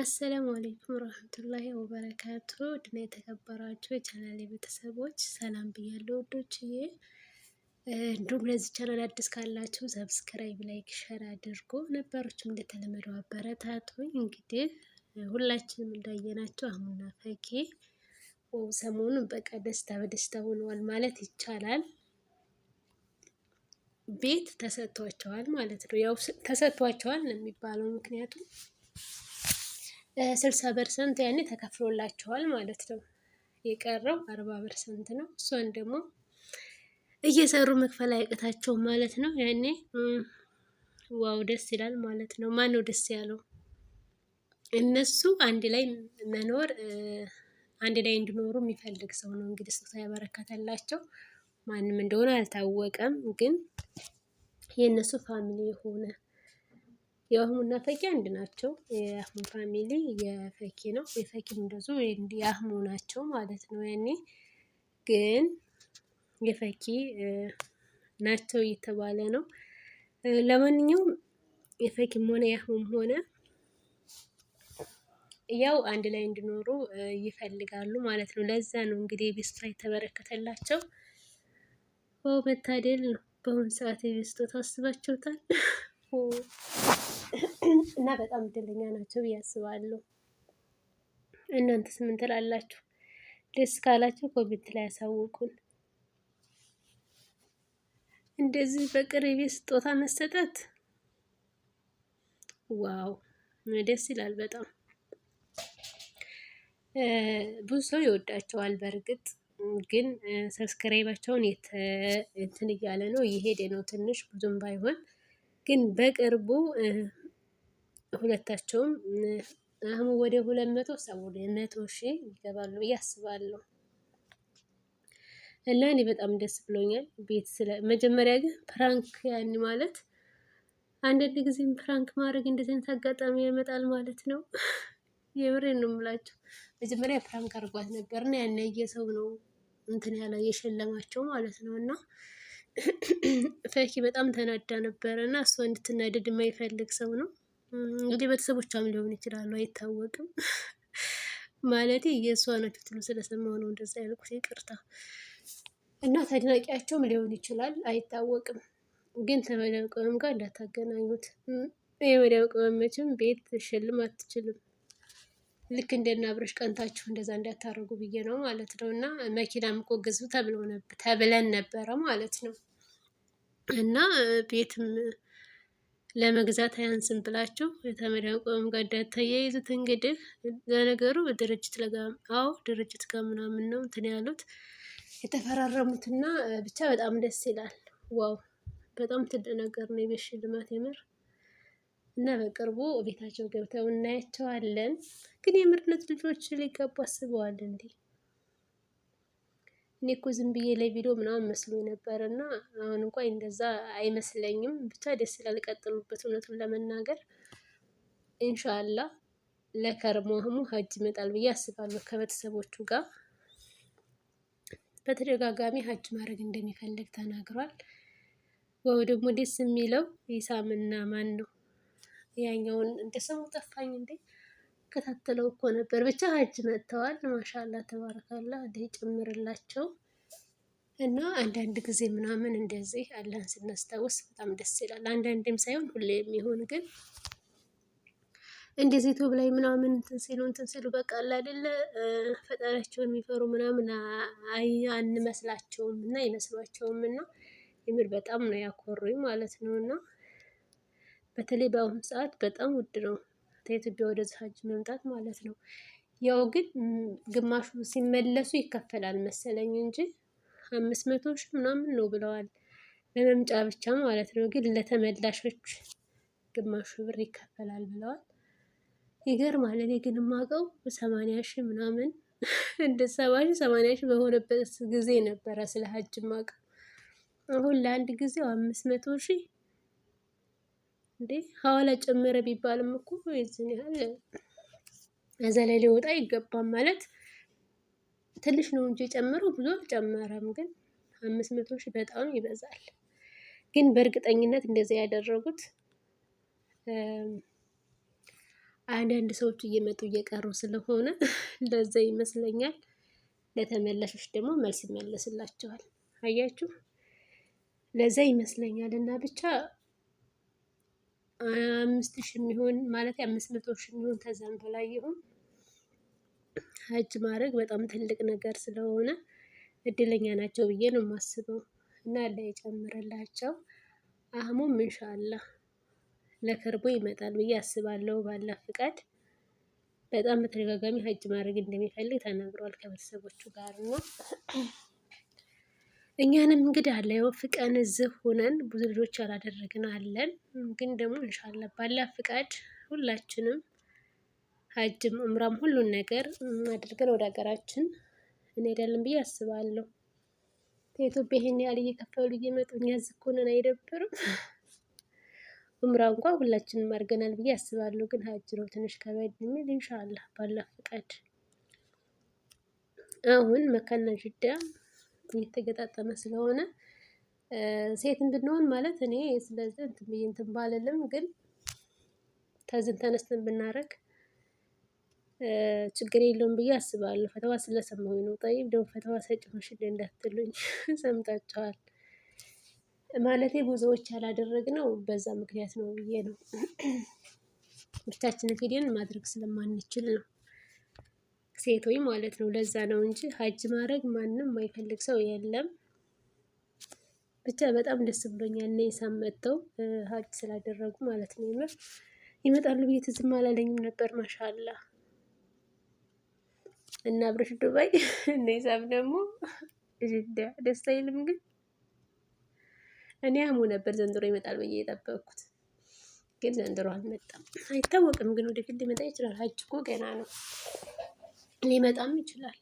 አሰላሙ አለይኩም ረህመቱላሂ ወበረካቱ ድና የተከበራችሁ የቻናል ቤተሰቦች ሰላም ብያለሁ ወዶችዬ። እንዲሁም ለዚህ ቻናል አዲስ ካላችሁ ሰብስክራይብ፣ ላይክ፣ ሸር አድርጎ ነባሮችም እንደተለመደው አበረታቱኝ። እንግዲህ ሁላችንም እንዳየናቸው አህሙና ፈኪ ሰሞኑን በቃ ደስታ በደስታ ሆነዋል ማለት ይቻላል። ቤት ተሰጥቷቸዋል ማለት ነው። ያው ተሰጥቷቸዋል ነው የሚባለው ምክንያቱም ስልሳ ፐርሰንት ያኔ ተከፍሎላቸዋል ማለት ነው። የቀረው አርባ ፐርሰንት ነው። እሷን ደግሞ እየሰሩ መክፈል አይቀታቸው ማለት ነው። ያኔ ዋው ደስ ይላል ማለት ነው። ነው ደስ ያለው? እነሱ አንድ ላይ መኖር አንድ ላይ እንዲኖሩ የሚፈልግ ሰው ነው እንግዲህ ስጦታ ያበረከተላቸው። ማንም እንደሆነ አልታወቀም፣ ግን የእነሱ ፋሚሊ የሆነ የአህሙና ፈኪ አንድ ናቸው። የአህሙ ፋሚሊ የፈኪ ነው፣ የፈኪም እንደዙ የአህሙ ናቸው ማለት ነው። ያኔ ግን የፈኪ ናቸው እየተባለ ነው። ለማንኛውም የፈኪም ሆነ የአህሙም ሆነ ያው አንድ ላይ እንዲኖሩ ይፈልጋሉ ማለት ነው። ለዛ ነው እንግዲህ የቤስቷ የተበረከተላቸው። መታደል ነው በአሁኑ ሰዓት የቤስቶ ታስባቸውታል። እና በጣም እድለኛ ናቸው ብዬ አስባለሁ። እናንተስ ምን ትላላችሁ? ደስ ካላችሁ ኮቪድ ላይ ያሳውቁን። እንደዚህ በቅርብ ስጦታ መሰጠት ዋው ደስ ይላል በጣም ብዙ ሰው ይወዳቸዋል። በእርግጥ ግን ሰብስክራይባቸውን የትን እንትን እያለ ነው እየሄደ ነው ትንሽ ብዙም ባይሆን ግን በቅርቡ ሁለታቸውም አህሙ ወደ ሁለት መቶ ሰው መቶ ሺ ይገባሉ ብዬ አስባለሁ። እና እኔ በጣም ደስ ብሎኛል። ቤት ስለ መጀመሪያ ግን ፕራንክ ያን ማለት አንዳንድ ጊዜም ፕራንክ ማድረግ እንደዚህ አይነት አጋጣሚ ያመጣል ማለት ነው። የብሬን ነው የምላቸው። መጀመሪያ ፕራንክ አድርጓት ነበርና ያናየ ሰው ነው እንትን ያለ የሸለማቸው ማለት ነው እና ፈኪ በጣም ተናዳ ነበረ እና እሷ እንድትናደድ የማይፈልግ ሰው ነው። እንግዲህ ቤተሰቦቿም ሊሆን ይችላሉ፣ አይታወቅም። ማለት የእሷ ናቸው ትሉ ስለሰማሁ ነው እንደዛ ያልኩት፣ ይቅርታ እና ተድናቂያቸውም ሊሆን ይችላል፣ አይታወቅም። ግን ተመዳም ቅመም ጋር እንዳታገናኙት። የመዳም ቅመም መቼም ቤት ሽልም አትችልም። ልክ እንደና አብረሽ ቀንታችሁ እንደዛ እንዳታደርጉ ብዬ ነው ማለት ነው። እና መኪናም እኮ ግዙ ተብለን ነበረ ማለት ነው። እና ቤትም ለመግዛት አያንስም ብላችሁ ተመዳን ቆም ጋዳ ተያይዙት። እንግዲህ ለነገሩ ድርጅት ለጋ አዎ ድርጅት ጋር ምናምን ነው እንትን ያሉት የተፈራረሙት እና ብቻ በጣም ደስ ይላል። ዋው በጣም ትልቅ ነገር ነው የቤት ሽልማት የምር እና በቅርቡ ቤታቸው ገብተው እናያቸዋለን። ግን የምርነት ልጆች ሊገቡ አስበዋል እንዴ? እኔ እኮ ዝም ብዬ ለቪዲዮ ምናምን መስሎኝ ነበር እና አሁን እንኳን እንደዛ አይመስለኝም። ብቻ ደስ ይላል። ቀጥሉበት። እውነቱን ለመናገር ኢንሻአላ ለከርሞ ህሙ ሀጅ ይመጣል ብዬ አስባለሁ ከቤተሰቦቹ ጋር በተደጋጋሚ ሀጅ ማድረግ እንደሚፈልግ ተናግሯል። ወይ ደግሞ ደስ የሚለው ኢሳምና ማን ነው ያኛውን እንደ ስሙ ጠፋኝ እንዴ ከታተለው እኮ ነበር። ብቻ ሀጅ መጥተዋል። ማሻላ ተባረካላ። እንደ ጨምርላቸው እና አንዳንድ ጊዜ ምናምን እንደዚህ አላህን ስናስታውስ በጣም ደስ ይላል። አንዳንድም ሳይሆን ሁሌ የሚሆን ግን እንደዚህ ዩቲዩብ ላይ ምናምን እንትን ሲሉ እንትን ሲሉ በቃ አለ አይደለ ፈጣሪያቸውን የሚፈሩ ምናምን አንመስላቸውም እና አይመስሏቸውም እና የምር በጣም ነው ያኮሩኝ ማለት ነው። እና በተለይ በአሁኑ ሰዓት በጣም ውድ ነው። ከኢትዮጵያ ወደ ሀጅ መምጣት ማለት ነው። ያው ግን ግማሹ ሲመለሱ ይከፈላል መሰለኝ እንጂ አምስት መቶ ሺህ ምናምን ነው ብለዋል ለመምጫ ብቻ ማለት ነው። ግን ለተመላሾች ግማሹ ብር ይከፈላል ብለዋል። ይገርማል። እኔ ግን የማውቀው ሰማንያ ሺ ምናምን እንደ ሰባ ሺህ ሰማንያ በሆነበት ጊዜ ነበረ ስለ ሀጅ ማውቀው። አሁን ለአንድ ጊዜው አምስት መቶ ሺህ እንዴ ሀዋላ ጨመረ ቢባልም እኮ የዚህን ያህል እዛ ላይ ሊወጣ ይገባም ማለት ትንሽ ነው እንጂ የጨመረው ብዙ አልጨመረም። ግን አምስት መቶ ሺህ በጣም ይበዛል። ግን በእርግጠኝነት እንደዚያ ያደረጉት አንዳንድ ሰዎች እየመጡ እየቀሩ ስለሆነ እንደዛ ይመስለኛል። ለተመላሾች ደግሞ መልስ ይመለስላቸዋል። አያችሁ፣ ለዛ ይመስለኛል እና ብቻ አምስት ሺ የሚሆን ማለት አምስት መቶ ሺ የሚሆን ከዛም በላይ ይሁን ሀጅ ማድረግ በጣም ትልቅ ነገር ስለሆነ እድለኛ ናቸው ብዬ ነው የማስበው እና አላህ የጨምርላቸው። አህሙም ኢንሻአላህ ለከርቦ ይመጣል ብዬ አስባለሁ። ባለ ፍቃድ በጣም በተደጋጋሚ ሀጅ ማድረግ እንደሚፈልግ ተናግረዋል ከቤተሰቦቹ ጋር ነው። እኛንም እንግዲህ አለ ያው ፍቀን እዚህ ሆነን ብዙ ልጆች ያላደረግን አለን። ግን ደግሞ እንሻላ ባላ ፍቃድ ሁላችንም ሀጅም እምራም ሁሉን ነገር አድርገን ወደ ሀገራችን እንሄዳለን ብዬ አስባለሁ። ከኢትዮጵያ ይሄን ያህል እየከፈሉ እየመጡ እኛ እዚህ ሆነን አይደብርም? እምራ እንኳ ሁላችንም አድርገናል ብዬ አስባለሁ። ግን ሀጅ ነው ትንሽ ከበድ የሚል እንሻላ ባላ ፍቃድ አሁን መካና ጅዳ የተገጣጠመ ስለሆነ ሴትን ብንሆን ማለት እኔ ስለዚህ እንትን ብዬ እንትን ባልልም ግን ተዝን ተነስተን ብናደርግ ችግር የለውም ብዬ አስባለሁ። ፈተዋ ስለሰማሁኝ ነው። ጠይብ ደግሞ ፈተዋ ሰጭ ሆንሽ እንዳትሉኝ ሰምታችኋል። ማለቴ ብዙዎች ያላደረግነው በዛ ምክንያት ነው ብዬ ነው። ብቻችንን ሄደን ማድረግ ስለማንችል ነው። ሴቶች ማለት ነው። ለዛ ነው እንጂ ሀጅ ማድረግ ማንም የማይፈልግ ሰው የለም። ብቻ በጣም ደስ ብሎኛል እኔ ሳመጠው ሀጅ ስላደረጉ ማለት ነው። ይመር ይመጣሉ ብዬ ትዝም አላለኝም ነበር። ማሻላ እና አብረሽ ዱባይ እነ ሳም ደግሞ ጅዳ ደስ አይልም ግን እኔ አሙ ነበር ዘንድሮ ይመጣል ብዬ የጠበቅኩት ግን ዘንድሮ አልመጣም። አይታወቅም ግን ወደፊት ሊመጣ ይችላል። ሀጅ እኮ ገና ነው። ሊመጣም ይችላል